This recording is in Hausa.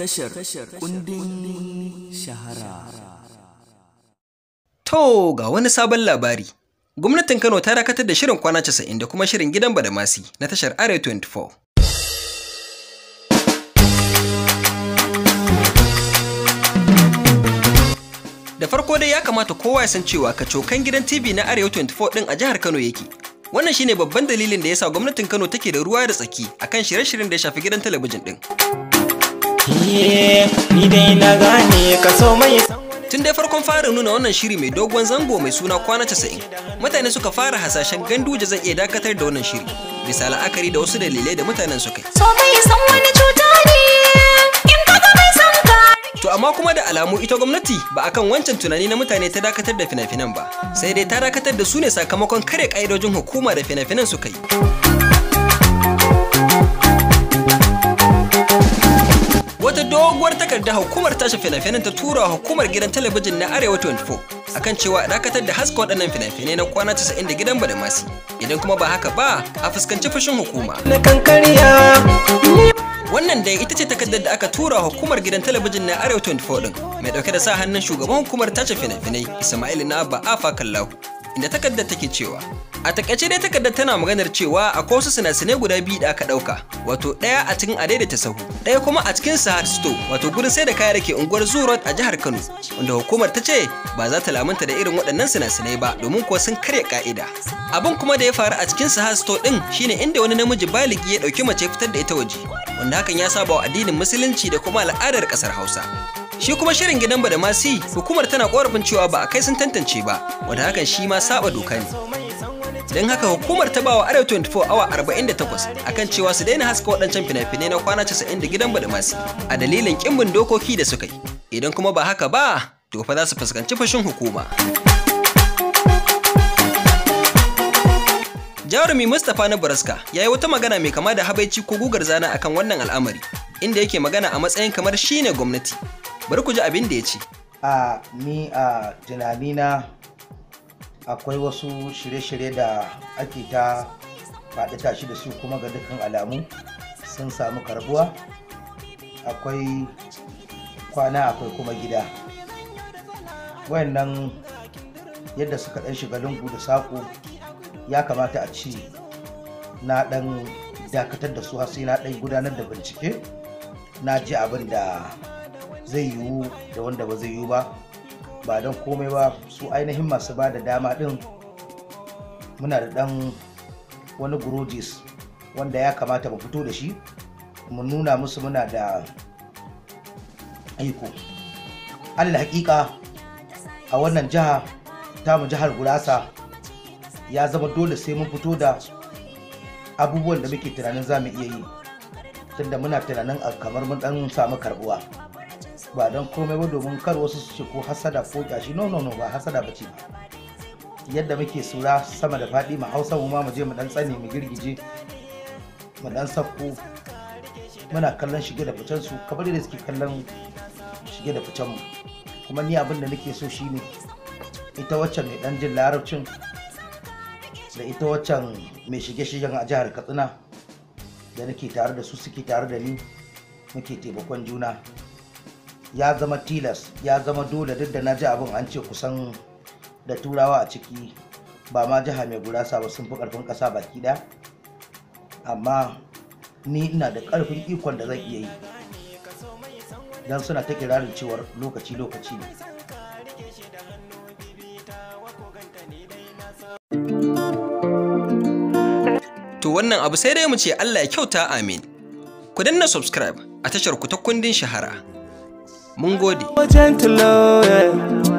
tashar kundin shahara. To ga wani sabon labari. Gwamnatin Kano ta dakatar da shirin kwana 90 da kuma shirin gidan Badamasi na tashar Arewa 24. Da farko dai ya kamata kowa ya san cewa kacokan gidan TV na Arewa 24 din a jihar Kano yake. Wannan shine babban dalilin da ya sa gwamnatin Kano take da ruwa da tsaki akan shirye-shiryen da ya shafi gidan talabijin din. Tun dai farkon fara nuna wannan shiri mai dogon zango mai suna kwana 90, mutane suka fara hasashen gandu da zai iya dakatar da wannan shiri, bisa la'akari da wasu dalilai da mutanen suka yi. To amma kuma da alamu ita gwamnati ba akan wancan tunani na mutane ta dakatar da fina-finan ba, sai dai ta dakatar da su ne sakamakon kare ƙa'idojin hukuma da fina-finan suka yi. takarda hukumar tashi finafinan ta tura hukumar gidan talabijin na Arewa 24 akan cewa dakatar da haska waɗannan finafinai na kwana 90 da gidan Badamasi. Idan kuma ba haka ba, a fuskanci fushin hukuma. Wannan dai ita ce takardar da aka tura hukumar gidan talabijin na Arewa 24 din, mai dauke da sa hannun shugaban hukumar tashi finafinai Ismail na Abba Afa Kallahu. inda takardar take cewa a takaice dai takardar tana maganar cewa akwai wasu sinasinai guda biyu da aka dauka wato daya a cikin ta sahu daya kuma a cikin sahad sto wato gurin sai da kaya da ke unguwar zurot a jihar kano wanda hukumar ta ce ba za ta lamunta da irin waɗannan sinasinai ba domin kuwa sun karya ka'ida abin kuma da ya faru a cikin sahad sto din shine inda wani namiji baligi ya dauki mace fitar da ita waje wanda hakan ya saba wa addinin musulunci da kuma al'adar ƙasar hausa shi kuma shirin gidan badamasi hukumar tana korafin cewa ba a kai sun tantance ba wanda hakan shi ma saba doka ne don haka hukumar ta bawa arewa 24 awa 48 akan cewa su daina haska waɗancan fina-finai na kwana 90 da gidan badamasi a dalilin kimbin dokoki da suka yi idan kuma ba haka ba to fa za su fuskanci fashin hukuma jarumi mustapha na baraska ya yi wata magana mai kama da habaici ko gugar zana akan wannan al'amari inda yake magana a matsayin kamar shine gwamnati bari ku ji abin da ya ce a ni a tunanina akwai wasu shirye-shirye da ake ta faɗi tashi da su kuma ga dukkan alamu sun samu karbuwa akwai kwana akwai kuma gida wayannan yadda suka ɗan shiga lungu da saƙo ya kamata a ci na ɗan dakatar da su har sai na ɗan gudanar da bincike na ji abin da zai yiwu da wanda ba zai yiwu ba ba don komai ba su ainihin masu ba da dama din muna da dan wani gurojis wanda ya kamata mu fito da shi mu nuna musu muna da aiko allah hakika a wannan jiha tamu jihar gurasa ya zama dole sai mun fito da abubuwan da muke tunanin za mu iya yi tunda muna tunanin kamar mun dan samu karbuwa ba don komai ba domin kar wasu su ce ko hasada ko kyashi no no no ba hasada ba ce ba yadda muke sura sama da faɗi ma hausa mu ma mu je mu dan tsane mu girgije mu dan sakko muna kallon shige da fitan su kamar da suke kallon shige da fitan mu kuma ni abin da nake so shine ita wacce mai dan jin larabcin da ita waccan mai shige-shigen a jihar katsina da nake tare da su suke tare da ni muke taimakon juna ya zama tilas ya zama dole duk da na ji abin an ce kusan da turawa a ciki ba ma jiha mai gurasa ba sun fi karfin kasa baki ɗaya amma ni ina da karfin ikon da zan iya yi don suna ta kirarin cewar lokaci lokaci ne to wannan abu sai dai mu ce Allah ya kyauta amin ku danna subscribe a tashar ku ta kundin shahara mun gode wajen